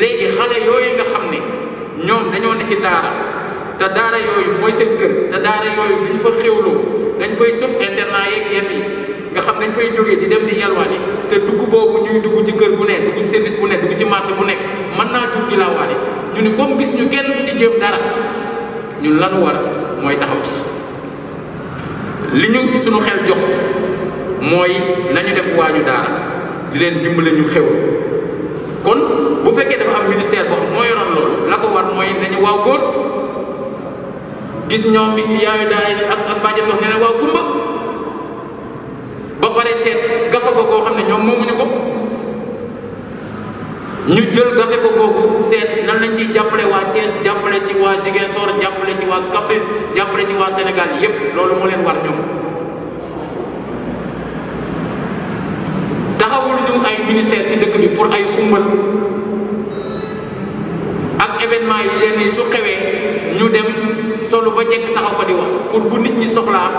léegi xale yooyu nga xam ne ñoom dañoo ne ci daara te daara yooyu mooy seen kër te daara yooyu duñ fa xewloo dañ fay sub internat yeeg yenn yi nga xam dañ fay jógee di dem di yalwaane te dugg boobu ñuy dugg ci kër bu ne dugg service bu ne dugg ci marché bu nekk mën naa jur di laawaane ñu ni comme gis ñu kenn ku ci jéem dara ñun lanu war mooy taxaw ci li ñu suñu xel jox mooy nañu def waañu daara di leen dimbale ñu xew kon bu fekkee dafa am ministère boo moo yoroon loolu la ko war mooy nañu waaw góor gis ñoom bi yaayu daara yi ak ak bàjjen wax ne ne waaw kumba ba seet gafa ko koo xam ne ñoom moomuñu ñu jël gafe ko boobu seet nan lañ ciy jàppale waa Thiès jàppale ci waa Ziguinchor jàppale ci waa Kaffrine jàppale ci waa Sénégal yépp loolu moo leen war ñoom taxawul ñu ay ministère ci dëkk bi pour ay xumbal ak événement yi leen su xewee ñu dem solo ba jekk taxaw fa di wax pour bu nit ñi soxlaa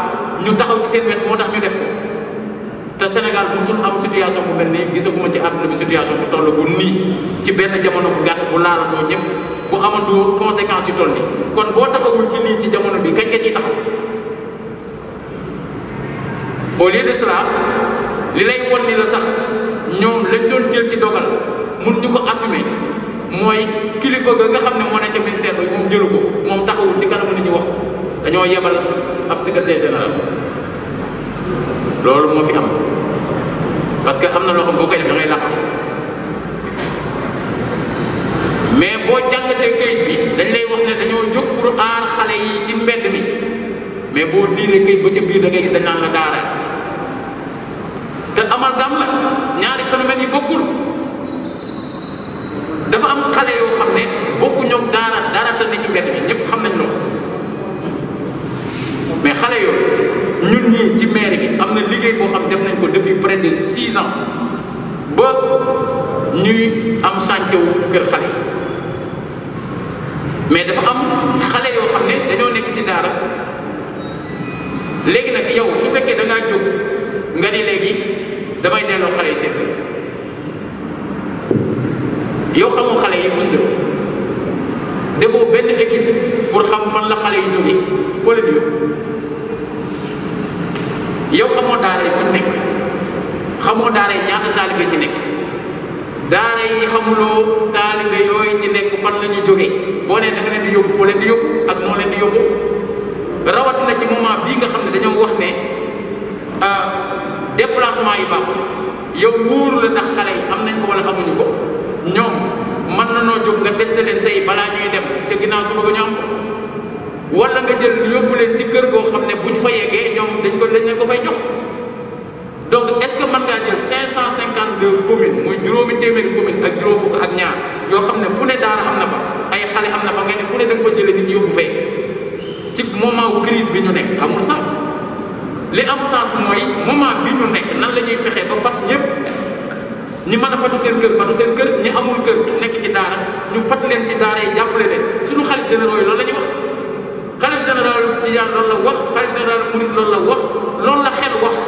ñu taxaw ci seen wet moo tax ñu def te Sénégal musul am situation bu mel nii gisaguma ci àdduna bi situation bu toll bu nii ci benn jamono bu gàtt bu laal moo ñëpp bu amandoo conséquences yu toll nii kon boo taxawul ci nii ci jamono bi kañ nga ciy taxaw au lieu de cela li lay won ni la sax ñoom lañ doon jël ci dogal mun ñu ko assumer mooy kilifa ga nga xam ne moo ne ca ministère bi moom jëlu ko taxawul ci kanamu nit wax dañoo yebal ya, ab secrétaire général loolu moo fi am parce que am na loo xam boo koy def da ngay làqatu mais bi dañ lay wax ne dañoo jóg pour aar xale boo diiree këyit ba ca da ngay gis dañ naan la yi bokkul dafa am xale yoo xam ne bokku ñoom daara daara tane ci mbedd mi xam nañ liggéey boo xam def nañ ko depuis près de 6 ans ba ñuy am chantier wu kër xale mais dafa am xalé yo xamné dañu nekk ci dara légui nak yow su fekkee da ngaa jóg nga ne léegi damay delloo xale yi seen yow xamoo xalé yi fuñ jëm defoo benn équipe pour xam fan la xalé yi jógee foo leen yóbbu yow xamoo daara yi fa nekk xamoo daara yi ñaata taalibe ci nekk daara yi xamuloo taalibe yooyu ci nekk fan la ñu jógee boo nee da nga leen di yóbbu foo leen di yóbbu ak moo leen di ci moment bii nga xam ne dañoo wax ne ah, déplacement yi baaxul yow xale yi am nañ ko wala amuñu ko ñoom mën na noo jóg nga testé leen tey balaa ñuy dem ca ginnaaw suba ba ñu am ko wala nga jël yóbbu leen ci kër goo xam ne bu ñu fa yeggee ñoom dañ ko dañ leen ko fay jox donc est-ce que mën ngaa jël 552 communes muy juróomi téeméeri commune ak juróom fukk ak ñaar yoo xam ne fu ne daara am na fa ay xale am na fa nga ne fu ne da nga jële jëlee nit yóbbu fee ci moment wu crise bi ñu nekk amul sens li am sens mooy moment bi ñu nekk nan la fexee ba fat ñëpp ñi mën a fatu seen kër fatu seen kër ñi amul kër nekk ci daara ñu fat leen ci daara yi jàppale leen suñu xalif généraux yi loolu la ñuy wax xalif général Tijaan loolu la wax xalif loolu la wax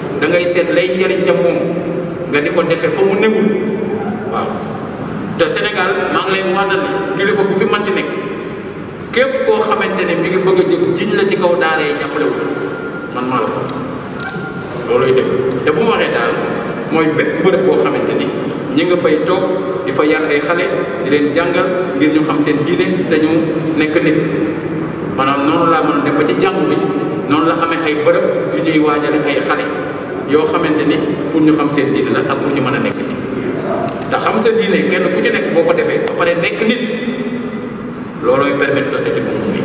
seet lay njëriñ ca moom nga di ko defee fa mu newul waaw te Sénégal maa ngi lay waanal kilifa bu man manti nekk képp koo xamante ne mi ngi bëgg a jóg jiñ la ci kaw daara yi jàppalewul man maa la ko loolooy dëgg te bu ma waxee daal mooy bépp bërëb boo xamante ni ñi nga fay toog di fa yar ay xale di leen jàngal ngir ñu xam seen diine dañu ñu nekk nit maanaam noonu laa mën a def ba ci jàng bi noonu la amee ay bërëb yu ñuy waajale ay xale yoo xamante ni pour ñu xam seen diine la ak pour ñu mën a nekk nit te xam sa diine kenn ku ci nekk boo ko defee ba pare nekk nit loolooy permettre société bu mu